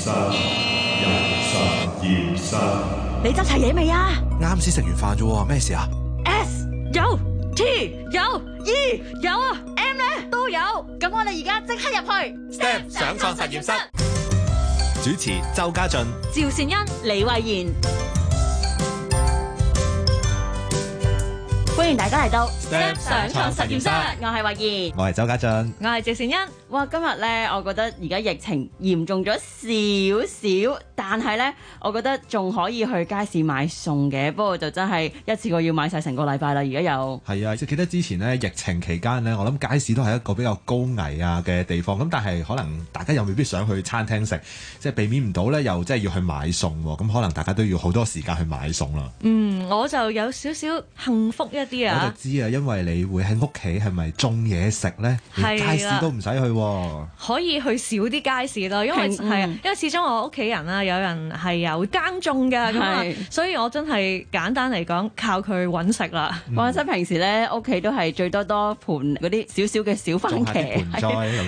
三、一、十、二、三。你執齊嘢未啊？啱先食完飯啫，咩事啊？S 有，T 有，E 有，M 呢都有。咁我哋而家即刻入去。Step 上課實驗室。 主持：周家俊、趙善恩、李慧妍。歡迎大家嚟到 Step, 上床實驗室。驗我係慧怡，我係周家俊，我係趙善欣。哇，今日咧，我覺得而家疫情嚴重咗少少，但係咧，我覺得仲可以去街市買餸嘅。不過就真係一次過要買晒成個禮拜啦。而家又係啊，即係記得之前咧，疫情期間咧，我諗街市都係一個比較高危啊嘅地方。咁但係可能大家又未必想去餐廳食，即係避免唔到咧，又即係要去買餸。咁可能大家都要好多時間去買餸啦。嗯，我就有少少幸福一啲。我就知啊，因為你會喺屋企係咪種嘢食咧？街市都唔使去，可以去少啲街市咯。因為係啊，因為始終我屋企人啊，有人係有耕種嘅，咁所以我真係簡單嚟講，靠佢搵食啦。或者平時咧，屋企都係最多多盤嗰啲少少嘅小番茄，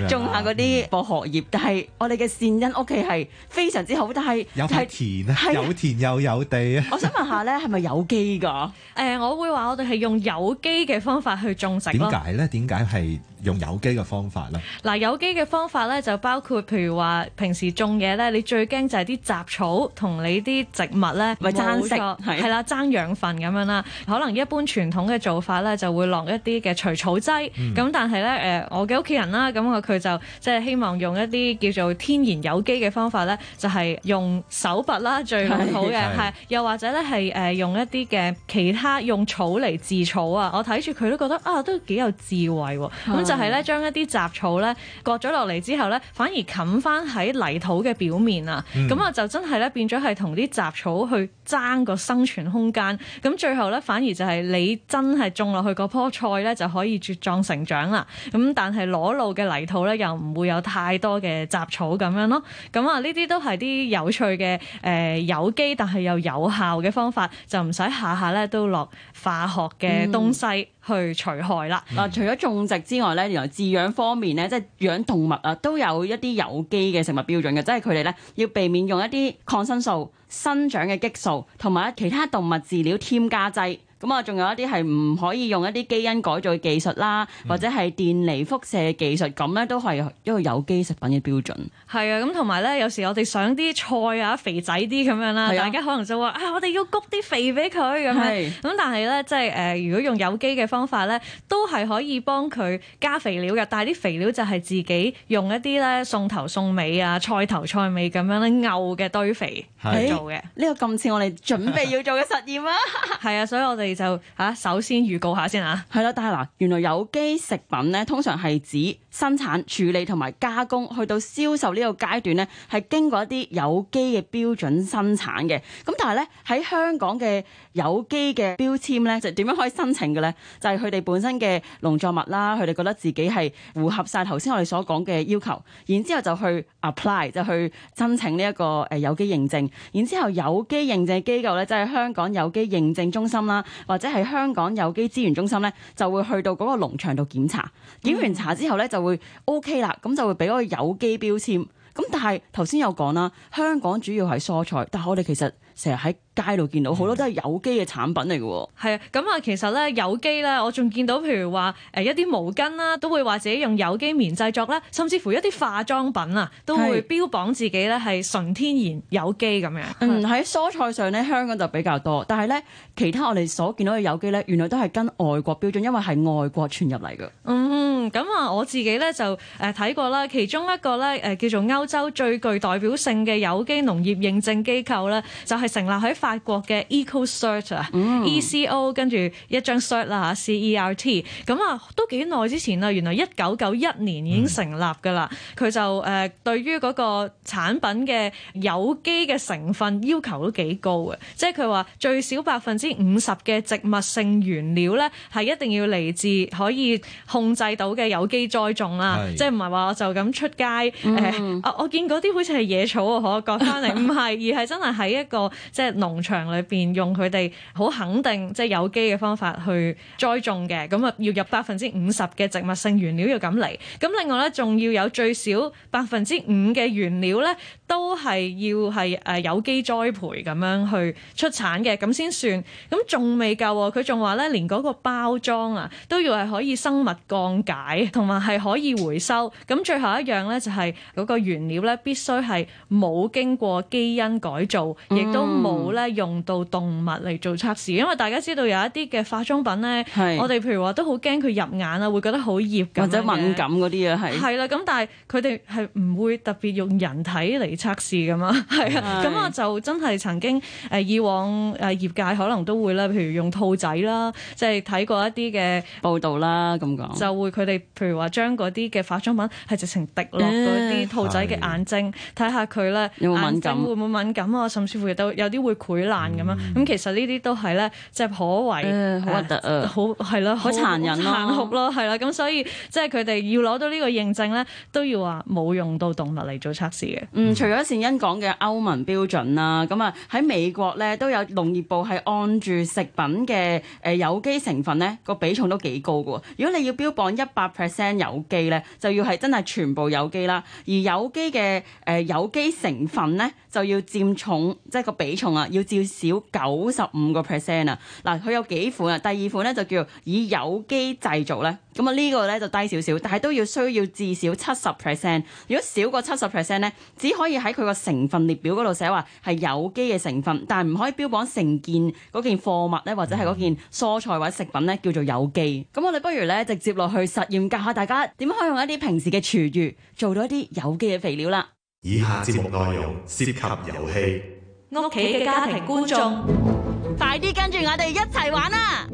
種下嗰啲薄荷葉。但係我哋嘅善因屋企係非常之好，但係有田啊，有田又有地啊。我想問下咧，係咪有機㗎？誒，我會話我哋係用。有機嘅方法去種植，植咯。點解咧？點解係？用有機嘅方法啦。嗱，有機嘅方法咧就包括譬如話平時種嘢咧，你最驚就係啲雜草同你啲植物咧，咪爭食係啦爭養分咁樣啦。可能一般傳統嘅做法咧就會落一啲嘅除草劑，咁、嗯、但係咧誒我嘅屋企人啦，咁我佢就即係希望用一啲叫做天然有機嘅方法咧，就係用手拔啦，最好嘅係的又或者咧係誒用一啲嘅其他用草嚟治草啊。我睇住佢都覺得啊都幾有智慧咁。就係咧，將一啲雜草咧割咗落嚟之後咧，反而冚翻喺泥土嘅表面啊！咁啊、嗯，就真係咧變咗係同啲雜草去爭個生存空間。咁最後咧，反而就係你真係種落去嗰棵菜咧，就可以茁壯成長啦。咁但係裸露嘅泥土咧，又唔會有太多嘅雜草咁樣咯。咁啊，呢啲都係啲有趣嘅誒、呃、有機，但係又有效嘅方法，就唔使下下咧都落化學嘅東西去除害啦。嗱、嗯，嗯、除咗種植之外咧。原來飼養方面咧，即係養動物啊，都有一啲有機嘅食物標準嘅，即係佢哋咧要避免用一啲抗生素、生長嘅激素同埋其他動物飼料添加劑。咁啊，仲有一啲係唔可以用一啲基因改造嘅技術啦，或者係電離輻射嘅技術，咁咧，都係一個有機食品嘅標準，係 啊，咁同埋咧，有時我哋想啲菜啊肥仔啲咁樣啦，呀大家可能就話啊，我哋要谷啲肥俾佢咁樣，咁但係咧，即係誒如果用有機嘅方法咧，都係可以幫佢加肥料嘅。但係啲肥料就係自己用一啲咧，送頭送尾啊，菜頭菜尾咁樣咧，牛嘅堆肥去呀、欸、做嘅的。呢個咁似我哋準備要做嘅實驗啊！係 啊， 所以我哋。就嚇、啊，首先預告下先嚇、啊。係咯，但係嗱，原來有機食品咧，通常係指生產、處理同埋加工，去到銷售呢個階段咧，係經過一啲有機嘅標準生產嘅。咁但係咧，喺香港嘅有機嘅標籤咧，就點樣可以申請嘅咧？就係佢哋本身嘅農作物啦，佢哋覺得自己係符合晒頭先我哋所講嘅要求，然之後就去 apply 就去申請呢一個誒有機認證。然之後有機認證機構咧，就係香港有機認證中心啦。或者係香港有機資源中心呢，就會去到嗰個農場度檢查，檢完查之後呢，就會 OK 啦，咁就會俾嗰個有機標籤。咁但係頭先有講啦，香港主要係蔬菜，但係我哋其實。成日喺街度見到好多都係有機嘅產品嚟嘅，係啊，咁啊，其實咧有機咧，我仲見到譬如話誒一啲毛巾啦，都會話自己用有機棉製作啦，甚至乎一啲化妝品啊，都會標榜自己咧係純天然有機咁樣。的的嗯，喺蔬菜上咧，香港就比較多，但係咧其他我哋所見到嘅有機咧，原來都係跟外國標準，因為係外國傳入嚟嘅。嗯，咁啊，我自己咧就誒睇過啦，其中一個咧誒叫做歐洲最具代表性嘅有機農業認證機構咧就是。係成立喺法國嘅 EcoCert 啊，E C O 跟住一張 Cert 啦，吓，C E R T 咁啊，都幾耐之前啦，原來一九九一年已經成立噶啦。佢、mm. 就誒、呃、對於嗰個產品嘅有機嘅成分要求都幾高嘅，即係佢話最少百分之五十嘅植物性原料咧係一定要嚟自可以控制到嘅有機栽種啦，mm. 即係唔係話就咁出街誒、呃 mm. 啊，我見嗰啲好似係野草啊，我可割翻嚟，唔係而係真係喺一個。 即係農場裏邊用佢哋好肯定即係、就是、有機嘅方法去栽種嘅，咁啊要入百分之五十嘅植物性原料要咁嚟，咁另外咧仲要有最少百分之五嘅原料咧。都係要係誒有機栽培咁樣去出產嘅，咁先算。咁仲未夠，佢仲話咧，連嗰個包裝啊都要係可以生物降解，同埋係可以回收。咁最後一樣咧，就係嗰個原料咧必須係冇經過基因改造，亦都冇咧用到動物嚟做測試，因為大家知道有一啲嘅化妝品咧，是我哋譬如話都好驚佢入眼啊，會覺得好熱或者敏感嗰啲啊，係係啦。咁但係佢哋係唔會特別用人體嚟。測試咁啊，係啊，咁我就真係曾經誒以往誒業界可能都會咧，譬如用兔仔啦，即係睇過一啲嘅報道啦，咁講就會佢哋譬如話將嗰啲嘅化妝品係直情滴落嗰啲兔仔嘅眼睛，睇下佢咧會敏感，會唔會敏感啊？甚至乎亦都有啲會潰爛咁樣。咁其實呢啲都係咧，即係頗為好核突啊，好係咯，好殘忍咯，殘酷咯，係啦。咁所以即係佢哋要攞到呢個認證咧，都要話冇用到動物嚟做測試嘅。嗯，有一善恩講嘅歐盟標準啦，咁啊喺美國咧都有農業部係按住食品嘅誒有機成分咧，個比重都幾高嘅。如果你要標榜一百 percent 有機咧，就要係真係全部有機啦。而有機嘅誒有機成分咧。就要佔重，即係個比重啊，要至少九十五個 percent 啊！嗱，佢有幾款啊？第二款咧就叫以有機製造咧，咁啊呢個咧就低少少，但係都要需要至少七十 percent。如果少過七十 percent 咧，只可以喺佢個成分列表嗰度寫話係有機嘅成分，但係唔可以標榜成件嗰件貨物咧或者係嗰件蔬菜或者食品咧叫做有機。咁、嗯、我哋不如咧直接落去實驗，教下大家點可以用一啲平時嘅廚餘做到一啲有機嘅肥料啦。以下節目內容涉及遊戲，屋企嘅家庭觀眾， 快啲跟住我哋一齊玩啦！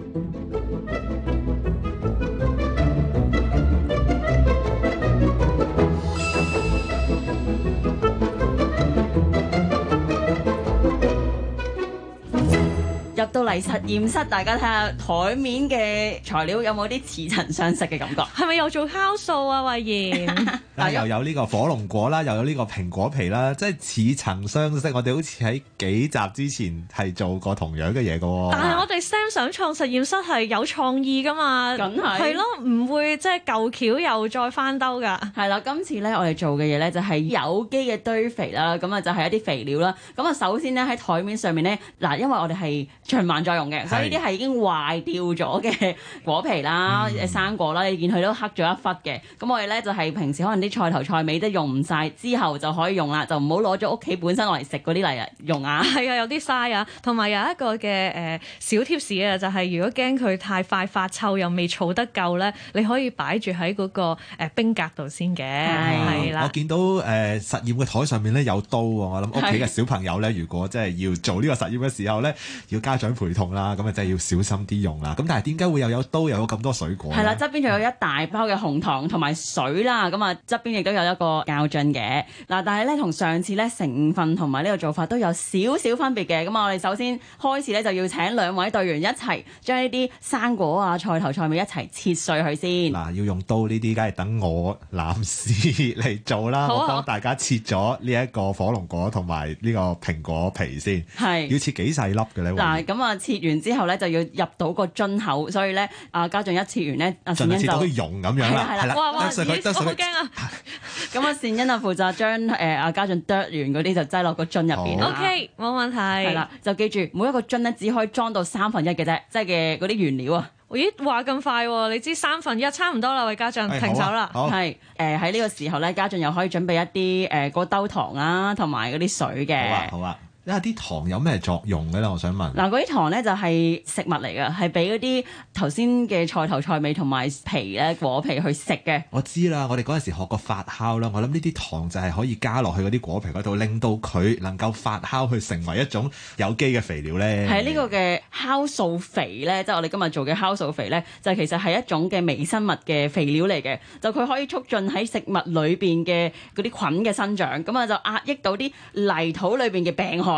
入到嚟實驗室，大家睇下台面嘅材料有冇啲似曾相識嘅感覺？係咪又做酵素啊，慧賢？ 又有呢個火龍果啦，又有呢個蘋果皮啦，即係似曾相識。我哋好似喺幾集之前係做過同樣嘅嘢嘅。但係我哋 STEM 想創實驗室係有創意㗎嘛，梗係係咯，唔會即係舊橋又再翻兜㗎。係啦，今次咧我哋做嘅嘢咧就係、係、有機嘅堆肥啦，咁啊就係一啲肥料啦。咁啊首先咧喺枱面上面咧，嗱因為我哋係循環再用嘅，係所以啲係已經壞掉咗嘅果皮啦、生、嗯、果啦，你見佢都黑咗一忽嘅。咁我哋咧就係、係、平時可能啲。菜頭菜尾都用唔晒，之後就可以用啦，就唔好攞咗屋企本身攞嚟食嗰啲嚟用啊！係 啊，有啲嘥啊。同埋有一個嘅、誒、呃、小 t 士 p 啊，就係、是、如果驚佢太快發臭又未儲得夠咧，你可以擺住喺嗰個誒、呃、冰格度先嘅。係啦、嗯啊，的我見到誒、呃、實驗嘅台上面咧有刀，我諗屋企嘅小朋友咧，如果即係要做呢個實驗嘅時候咧，的要家長陪同啦，咁啊真係要小心啲用啦。咁但係點解會又有刀又有咁多水果？係啦，側邊仲有一大包嘅紅糖同埋水啦，咁啊邊亦都有一個教樽嘅。嗱，但係咧同上次咧成分同埋呢個做法都有少少分別嘅。咁我哋首先開始咧就要請兩位隊員一齊將呢啲生果啊、菜頭菜尾一齊切碎佢先。嗱，要用刀呢啲，梗係等我男士嚟做啦。好，我幫大家切咗呢一個火龍果同埋呢個蘋果皮先。係，要切幾細粒嘅咧？嗱，咁啊切完之後咧就要入到個樽口，所以咧啊嘉俊一切完咧啊，順便切到啲溶咁樣啦。係啦，哇哇，好驚啊！咁阿善恩啊，負 責將誒阿家俊剁完嗰啲就擠落個樽入邊。O K，冇問題。係啦，就記住每一個樽咧只可以裝到三分一嘅啫，即係嘅嗰啲原料啊。咦、哦，話咁快，你知三分一差唔多啦，喂，家俊，哎，停手啦、啊。好，係誒，喺呢個時候咧，家俊又可以準備一啲誒嗰兜糖啊，同埋嗰啲水嘅、啊。好啊。因為啲糖有咩作用嘅咧？我想問嗱，嗰啲糖咧就係食物嚟嘅，係俾嗰啲頭先嘅菜頭菜尾同埋皮咧，果皮去食嘅。我知啦，我哋嗰陣時學過發酵啦，我諗呢啲糖就係可以加落去嗰啲果皮嗰度，令到佢能夠發酵去成為一種有機嘅肥料咧。係呢個嘅酵素肥咧，即係我哋今日做嘅酵素肥咧，就係其實係一種嘅微生物嘅肥料嚟嘅，就佢可以促進喺食物裏邊嘅嗰啲菌嘅生長，咁啊就壓抑到啲泥土裏邊嘅病害。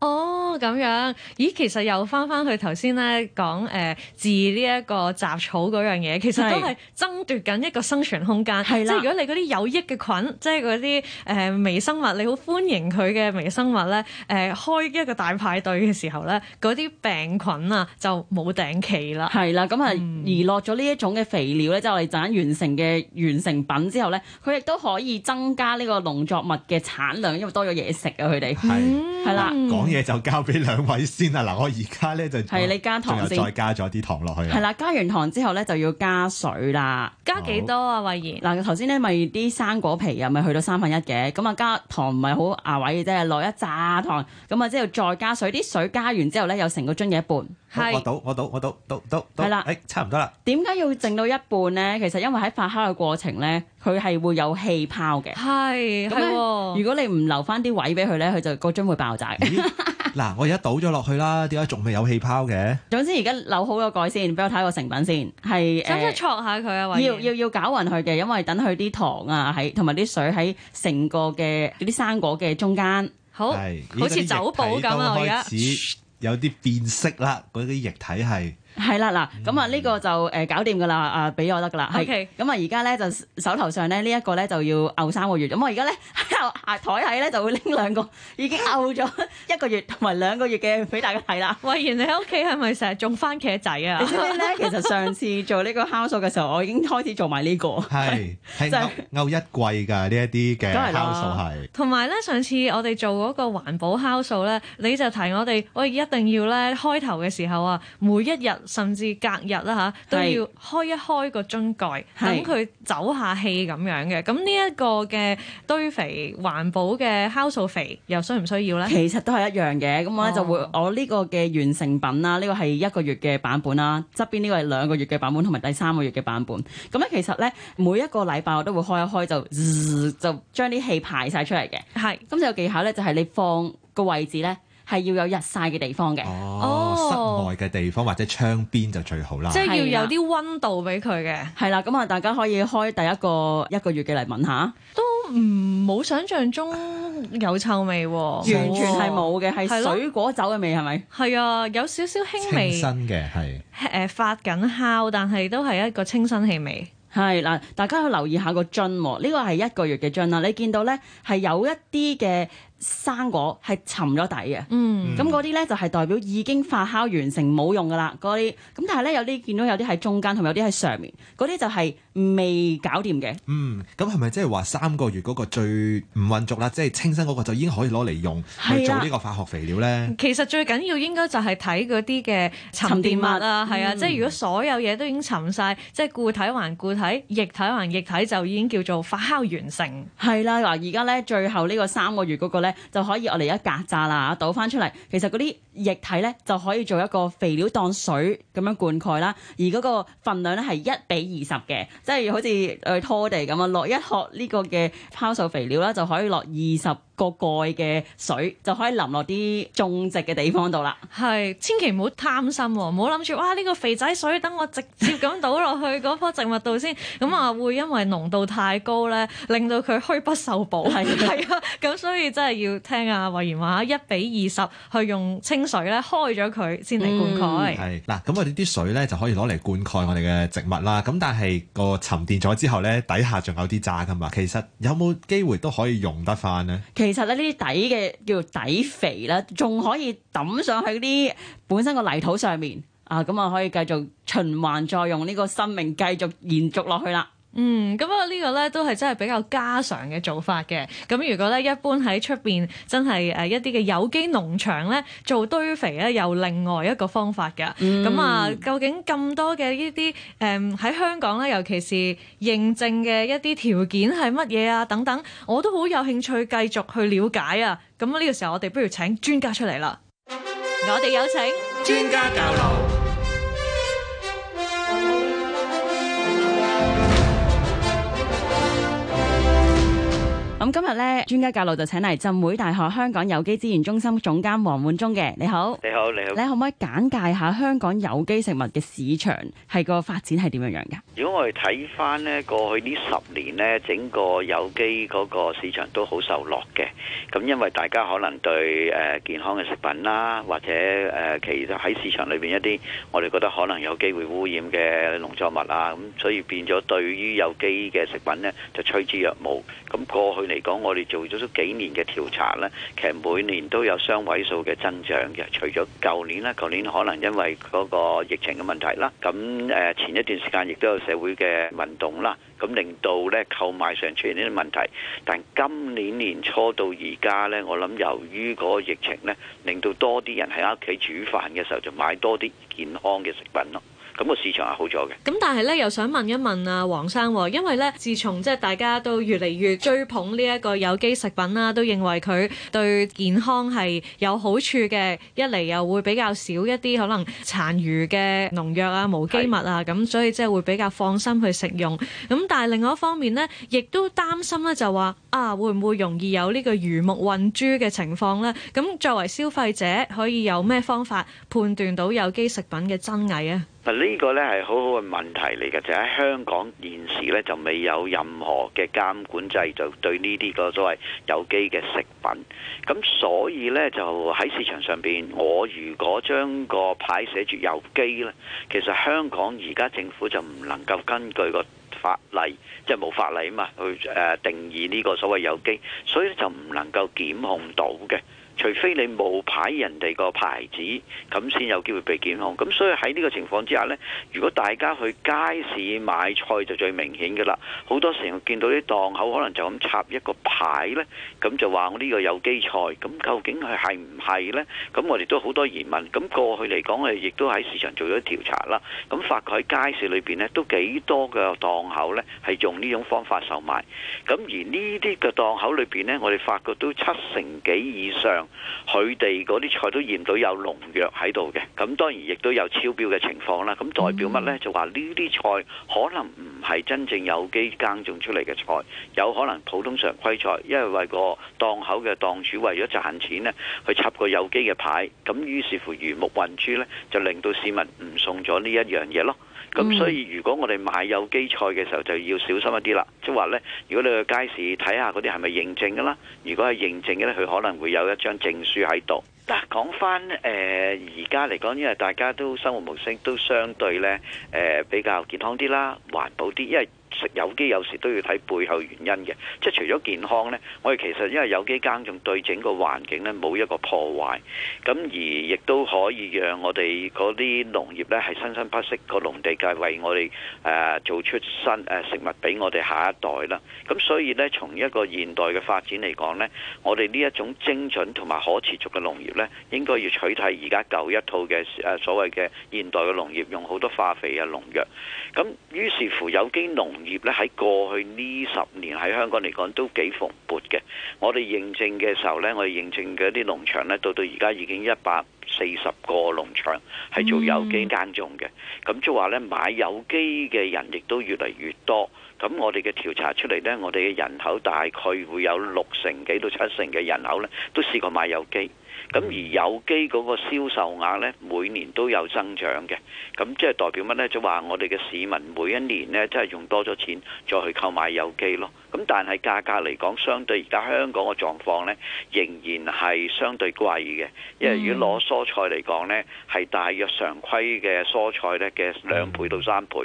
哦，咁樣，咦，其實又翻翻去頭先咧講誒治呢一個雜草嗰樣嘢，其實都係爭奪緊一個生存空間。係啦的，即係如果你嗰啲有益嘅菌，即係嗰啲誒微生物，你好歡迎佢嘅微生物咧，誒、呃、開一個大派對嘅時候咧，嗰啲病菌啊就冇頂期啦。係啦，咁啊而落咗呢一種嘅肥料咧，嗯、就係陣間完成嘅完成品之後咧，佢亦都可以增加呢個農作物嘅產量，因為多咗嘢食啊，佢哋係係啦。嗯的嘢就交俾兩位先啦！嗱，我而家咧就係你加糖先，再加咗啲糖落去。係啦，加完糖之後咧就要加水加、啊、好啦。加幾多啊？惠兒。嗱，頭先咧咪啲生果皮又咪去到三分一嘅，咁啊加糖唔係好牙位嘅啫，落一紮糖，咁啊之後再加水。啲水加完之後咧，有成個樽嘢一半。係我倒，我倒，我倒，倒倒倒係啦，誒，差唔多啦。點解要整到一半咧？其實因為喺發酵嘅過程咧，佢係會有氣泡嘅。係係，如果你唔留翻啲位俾佢咧，佢就嗰樽會爆炸。嗱，我而家倒咗落去啦，點解仲未有氣泡嘅？總之而家扭好個蓋先，俾我睇個成品先。係使唔使戳下佢啊？要要要攪勻佢嘅，因為等佢啲糖啊，喺同埋啲水喺成個嘅嗰啲生果嘅中間。好，好似酒保咁啊！我而家。有啲變色啦，嗰啲液體係。係啦，嗱，咁啊呢個就誒搞掂㗎啦，啊俾我得㗎啦，係。咁啊而家咧就手頭上咧呢一個咧就要漚三個月，咁我而家咧喺台睇咧就會拎兩個已經漚咗一個月同埋兩個月嘅俾大家睇啦。喂，慧賢，你喺屋企係咪成日種番茄仔啊？你知唔知咧？其實上次做呢個酵素嘅時候，我已經開始做埋呢個。係，真係漚一季㗎呢一啲嘅酵素係。同埋咧，上次我哋做嗰個環保酵素咧，你就提我哋喂一定要咧開頭嘅時候啊，每一日。甚至隔日啦吓、啊、都要開一開個樽蓋，等佢是走下氣咁樣嘅。咁呢一個嘅堆肥環保嘅酵素肥又需唔需要呢？其實都係一樣嘅。咁我咧就會、哦、我呢個嘅完成品啦，呢、呢個係一個月嘅版本啦。側邊呢個係兩個月嘅版本，同埋第三個月嘅版本。咁咧其實呢，每一個禮拜我都會開一開就就將啲氣排晒出嚟嘅。係是。咁就有技巧呢，就係你放個位置呢，係要有日曬嘅地方嘅，哦，室外嘅地方或者窗邊就最好啦。即係要有啲溫度俾佢嘅，係啦。咁啊，大家可以開第一個一個月嘅嚟聞下，都唔冇想象中有臭味喎、啊，哦、完全係冇嘅，係水果酒嘅味係咪？係啊了吧，有少少輕微清新嘅係誒，發緊酵，但係都係一個清新氣味。係嗱，大家要留意下個樽喎，呢個係一個月嘅樽啦，你見到咧係有一啲嘅。生果係沉咗底嘅，咁嗰啲咧就係、是、代表已經發酵完成冇用㗎喇，嗰啲咁但係咧有啲見到有啲喺中間，同有啲喺上面，嗰啲就係未搞掂嘅。嗯，咁係咪即係話三個月嗰個最唔混濁啦？即、就、係、是、清新嗰個就已經可以攞嚟用去做呢個化學肥料咧、啊？其實最緊要應該就係睇嗰啲嘅沉澱物，沉澱物啊，係啊、嗯，即係如果所有嘢都已經沉晒，即、就、係、是、固體還固體，液體還液體，就已經叫做發酵完成。係啦、啊，嗱，而家咧最後呢個三個月嗰、那個咧。就可以我哋一格渣啦、啊、倒翻出嚟，其實啲液體咧就可以做一個肥料當水咁樣灌溉啦，而嗰個份量咧係一比二十嘅，即係好似去拖地咁啊，落一殼呢個嘅拋售肥料啦，就可以落二十。個蓋嘅水就可以淋落啲種植嘅地方度啦。係，千祈唔好貪心，啊，唔好諗住哇呢、呢個肥仔水等我直接咁倒落去嗰棵植物度先，咁 啊會因為濃度太高咧，令到佢虛不受補。係係， 啊，咁所以真係要聽啊煥忠話一比二十去用清水咧開咗佢先嚟灌溉。係嗱，嗯，咁我哋啲水咧就可以攞嚟灌溉我哋嘅植物啦。咁但係個沉澱咗之後咧，底下仲有啲渣㗎嘛。其實有冇機會都可以用得返呢？其實咧，呢啲底嘅叫做底肥啦，仲可以抌上去啲本身個泥土上面啊，咁啊可以繼續循環，再用呢個生命繼續延續落去啦。嗯，咁啊呢個呢都係真係比較家常嘅做法嘅。咁如果呢一般喺出邊真係誒、呃、一啲嘅有機農場呢，做堆肥呢有另外一個方法嘅。咁、嗯、啊，究竟咁多嘅呢啲誒喺香港呢，尤其是認證嘅一啲條件係乜嘢啊？等等，我都好有興趣繼續去了解啊。咁呢個時候我哋不如請專家出嚟啦。我哋有請專家教路。咁今日咧，專家教路就請嚟浸會大學香港有機資源中心總監黃煥忠嘅。你好，你好，你好，你可唔可以簡介下香港有機食物嘅市場係個發展係點樣樣嘅？如果我哋睇翻咧，過去呢十年咧，整個有機嗰個市場都好受落嘅。咁因為大家可能對誒健康嘅食品啦，或者誒其實喺市場裏邊一啲，我哋覺得可能有機會污染嘅農作物啊，咁所以變咗對於有機嘅食品咧，就趨之若鶩。咁過去嚟。嚟講，我哋做咗幾年嘅調查呢，其實每年都有雙位數嘅增長嘅。除咗舊年啦，舊年可能因為嗰個疫情嘅問題啦，咁誒前一段時間亦都有社會嘅運動啦，咁令到呢購買上出現呢啲問題。但今年年初到而家呢，我諗由於嗰個疫情呢，令到多啲人喺屋企煮飯嘅時候就買多啲健康嘅食品咯。咁個市場係好咗嘅。咁但係咧，又想問一問啊，黃生，因為咧，自從即係大家都越嚟越追捧呢一個有機食品啦，都認為佢對健康係有好處嘅。一嚟又會比較少一啲可能殘餘嘅農藥啊、無機物是啊，咁所以即係會比較放心去食用。咁但係另外一方面呢，亦都擔心咧，就話啊，會唔會容易有呢個魚目混珠嘅情況呢？咁作為消費者可以有咩方法判斷到有機食品嘅真偽啊？呢個呢係好好嘅問題嚟嘅，就喺、是、香港現時呢，就未有任何嘅監管制度對呢啲個所謂有機嘅食品，咁所以呢，就喺市場上邊，我如果將個牌寫住有機呢，其實香港而家政府就唔能夠根據個法例，即係冇法例啊嘛，去誒定義呢個所謂有機，所以呢就唔能夠檢控到嘅。除非你冇牌人哋個牌子，咁先有機會被檢控。咁所以喺呢個情況之下咧，如果大家去街市買菜就最明顯嘅啦。好多時候見到啲檔口可能就咁插一個牌咧，咁就話我呢個有機菜。咁究竟佢係唔係咧？咁我哋都好多疑問，咁過去嚟講，我哋亦都喺市場做咗調查啦。咁發覺喺街市裏邊咧，都幾多嘅檔口咧係用呢種方法售賣，咁而呢啲嘅檔口裏邊咧，我哋發覺都七成幾以上。佢哋嗰啲菜都驗到有農藥喺度嘅，咁當然亦都有超標嘅情況啦。咁代表乜咧？就話呢啲菜可能唔係真正有機耕種出嚟嘅菜，有可能普通常規菜，因為為個檔口嘅檔主為咗賺錢咧，去插個有機嘅牌。咁於是乎魚目混珠咧，就令到市民唔送咗呢一樣嘢咯。咁、嗯、所以如果我哋買有機菜嘅時候，就要小心一啲啦。即係話呢，如果你去街市睇下嗰啲係咪認證嘅啦，如果係認證嘅呢，佢可能會有一張證書喺度。嗱，講翻誒，而家嚟講，因為大家都生活模式都相對呢誒、呃、比較健康啲啦，環保啲，因為。食有機有時都要睇背後原因嘅，即係除咗健康呢，我哋其實因為有機耕種對整個環境呢冇一個破壞，咁而亦都可以讓我哋嗰啲農業呢係生生不息個農地，界為我哋誒做出新誒食物俾我哋下一代啦。咁所以呢，從一個現代嘅發展嚟講呢，我哋呢一種精準同埋可持續嘅農業呢，應該要取締而家舊一套嘅誒所謂嘅現代嘅農業，用好多化肥啊、農藥。咁於是乎有機農業業咧，喺過去呢十年喺香港嚟講都幾蓬勃嘅。我哋認證嘅時候咧，我哋認證嘅一啲農場咧，到到而家已經一百四十個農場係做有機耕種嘅。咁即係話咧，買有機嘅人亦都越嚟越多。咁我哋嘅調查出嚟呢，我哋嘅人口大概會有六成幾到七成嘅人口咧，都試過買有機。咁、嗯、而有機嗰個銷售額咧，每年都有增長嘅。咁即係代表乜咧？就話我哋嘅市民每一年咧，即、就、係、是、用多咗錢再去購買有機咯。咁但係價格嚟講相對而家香港嘅狀況咧，仍然係相對貴嘅。因為如果攞蔬菜嚟講咧，係大約常規嘅蔬菜咧嘅兩倍到三倍。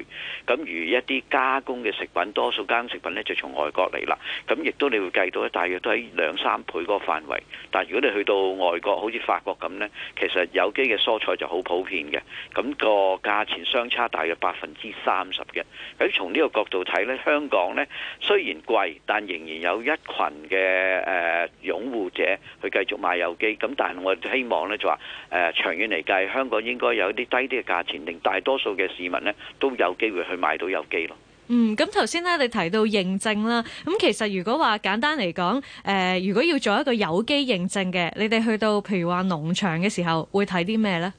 咁、嗯、如一啲加工嘅食品，多數加工食品咧就從外國嚟啦。咁亦都你會計到咧，大約都喺兩三倍嗰個範圍。但如果你去到外，個好似法國咁呢，其實有機嘅蔬菜就好普遍嘅，咁、個價錢相差大約百分之三十嘅。喺從呢個角度睇呢，香港呢雖然貴，但仍然有一群嘅誒、呃、擁護者去繼續買有機。咁但係我哋希望呢，就話誒、呃、長遠嚟計，香港應該有啲低啲嘅價錢，令大多數嘅市民呢都有機會去買到有機咯。嗯，咁頭先咧，你提到認證啦，咁其實如果話簡單嚟講，誒、呃，如果要做一個有機認證嘅，你哋去到譬如話農場嘅時候，會睇啲咩呢？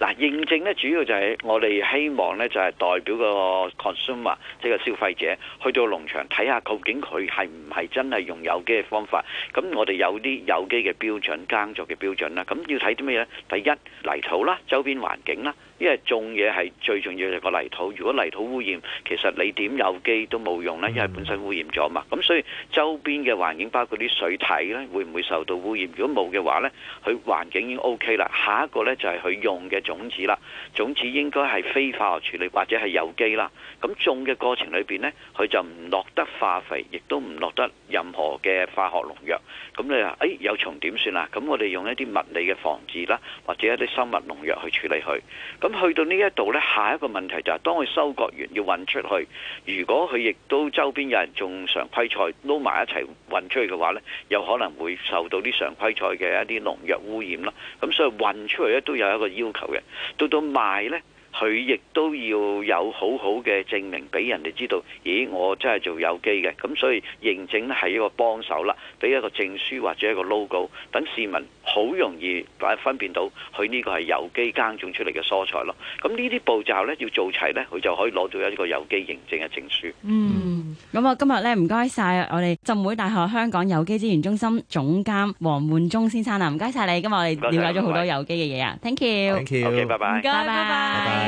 嗱，認證咧主要就係我哋希望咧就係代表個 consumer，即係個消費者去到農場睇下究竟佢係唔係真係用有機嘅方法。咁我哋有啲有機嘅標準耕作嘅標準啦，咁要睇啲咩咧？第一，泥土啦，周邊環境啦。因為種嘢係最重要係個泥土，如果泥土污染，其實你點有機都冇用啦，因為本身污染咗嘛。咁所以周邊嘅環境，包括啲水體呢，會唔會受到污染？如果冇嘅話呢，佢環境已經 OK 啦。下一個呢，就係佢用嘅種子啦，種子應該係非化學處理或者係有機啦。咁種嘅過程裏邊呢，佢就唔落得化肥，亦都唔落得任何嘅化學農藥。咁你話，哎有蟲點算啊？咁我哋用一啲物理嘅防治啦，或者一啲生物農藥去處理佢。咁去到呢一度呢，下一個問題就係、是，當佢收割完要運出去，如果佢亦都周邊有人種常規菜，撈埋一齊運出去嘅話呢，有可能會受到啲常規菜嘅一啲農藥污染啦。咁所以運出去呢，都有一個要求嘅。到到賣呢。佢亦都要有好好嘅證明俾人哋知道，咦？我真係做有機嘅，咁所以認證係一個幫手啦，俾一個證書或者一個 logo，等市民好容易分辨到佢呢個係有機耕種出嚟嘅蔬菜咯。咁呢啲步驟呢，要做齊呢，佢就可以攞到一個有機認證嘅證書。嗯，咁啊，今日呢，唔該晒我哋浸會大學香港有機資源中心總監黃煥忠先生啊，唔該晒你。今日我哋了解咗好多有機嘅嘢啊，thank you，ok，拜拜，拜拜。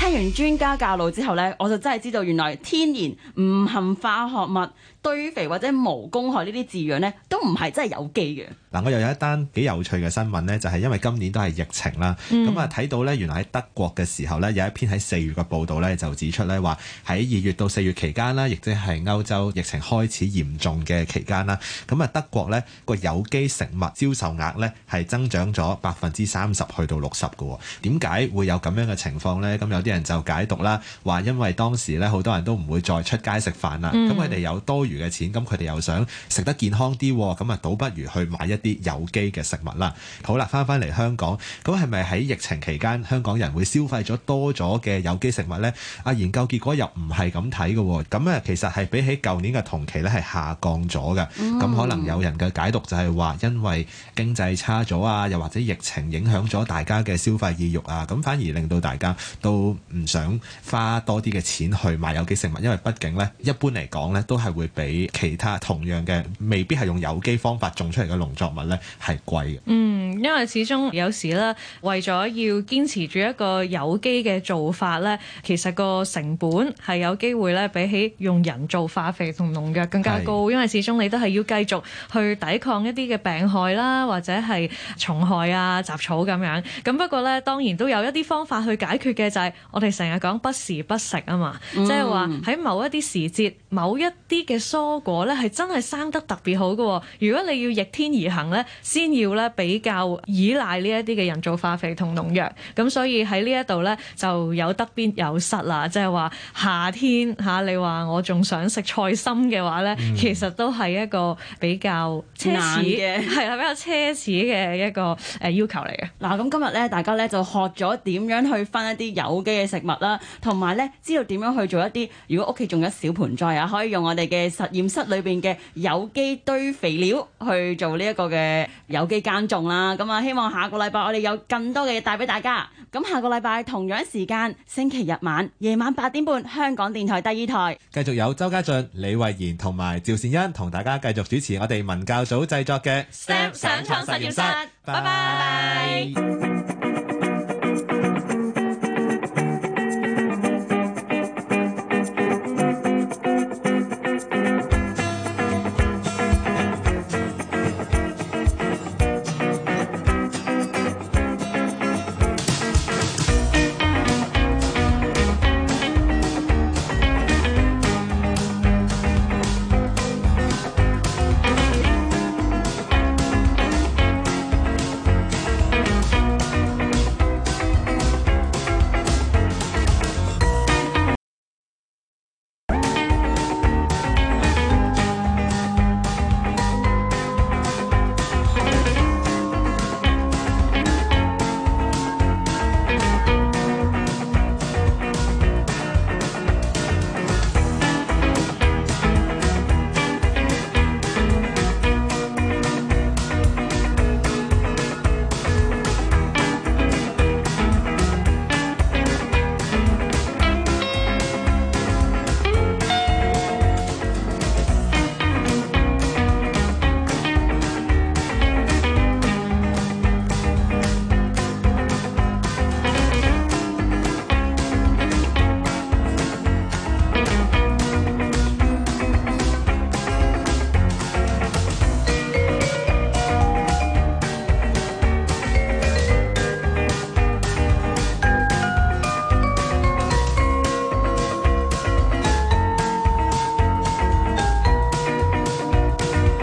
聽完專家教路之後呢，我就真係知道，原來天然唔含化、化學物。堆肥或者無公害呢啲字樣咧，都唔係真係有機嘅。嗱、啊，我又有一單幾有趣嘅新聞咧，就係、是、因為今年都係疫情啦，咁啊睇到咧，原來喺德國嘅時候咧，有一篇喺四月嘅報道咧，就指出咧話喺二月到四月期間啦，亦即係歐洲疫情開始嚴重嘅期間啦，咁啊德國咧個有機食物銷售額咧係增長咗百分之三十去到六十嘅。點解會有咁樣嘅情況咧？咁有啲人就解讀啦，話因為當時咧好多人都唔會再出街食飯啦，咁佢哋有多。餘嘅錢，咁佢哋又想食得健康啲，咁啊，倒不如去買一啲有機嘅食物啦。好啦，翻翻嚟香港，咁係咪喺疫情期間香港人會消費咗多咗嘅有機食物咧？啊，研究結果又唔係咁睇嘅，咁啊，其實係比起舊年嘅同期咧，係下降咗嘅。咁、嗯、可能有人嘅解讀就係話，因為經濟差咗啊，又或者疫情影響咗大家嘅消費意欲啊，咁反而令到大家都唔想花多啲嘅錢去買有機食物，因為畢竟咧，一般嚟講咧，都係會。比其他同樣嘅未必係用有機方法種出嚟嘅農作物咧係貴嘅。嗯，因為始終有時咧，為咗要堅持住一個有機嘅做法咧，其實個成本係有機會咧比起用人造化肥同農藥更加高，是因為始終你都係要繼續去抵抗一啲嘅病害啦，或者係蟲害啊、雜草咁樣，咁不過咧，當然都有一啲方法去解決嘅，就係、是、我哋成日講不時不食啊嘛，嗯、即係話，喺某一啲時節某一啲嘅。蔬果咧係真係生得特別好㗎，如果你要逆天而行咧，先要咧比較依賴呢一啲嘅人造化肥同農藥，咁所以喺呢一度咧就有得必有失啊！即係話夏天吓，你話我仲想食菜心嘅話咧，嗯、其實都係一個比較奢侈嘅係啊，的比較奢侈嘅一個誒要求嚟嘅。嗱，咁今日咧大家咧就學咗點樣去分一啲有機嘅食物啦，同埋咧知道點樣去做一啲，如果屋企仲有小盆栽啊，可以用我哋嘅。實驗室裏邊嘅有機堆肥料去做呢一個嘅有機耕種啦，咁啊希望下個禮拜我哋有更多嘅嘢帶俾大家。咁下個禮拜同樣時間星期日晚夜晚八點半，香港電台第二台繼續有周家俊、李慧賢同埋趙善欣同大家繼續主持我哋文教組製作嘅 STEM 上創實驗室。拜拜。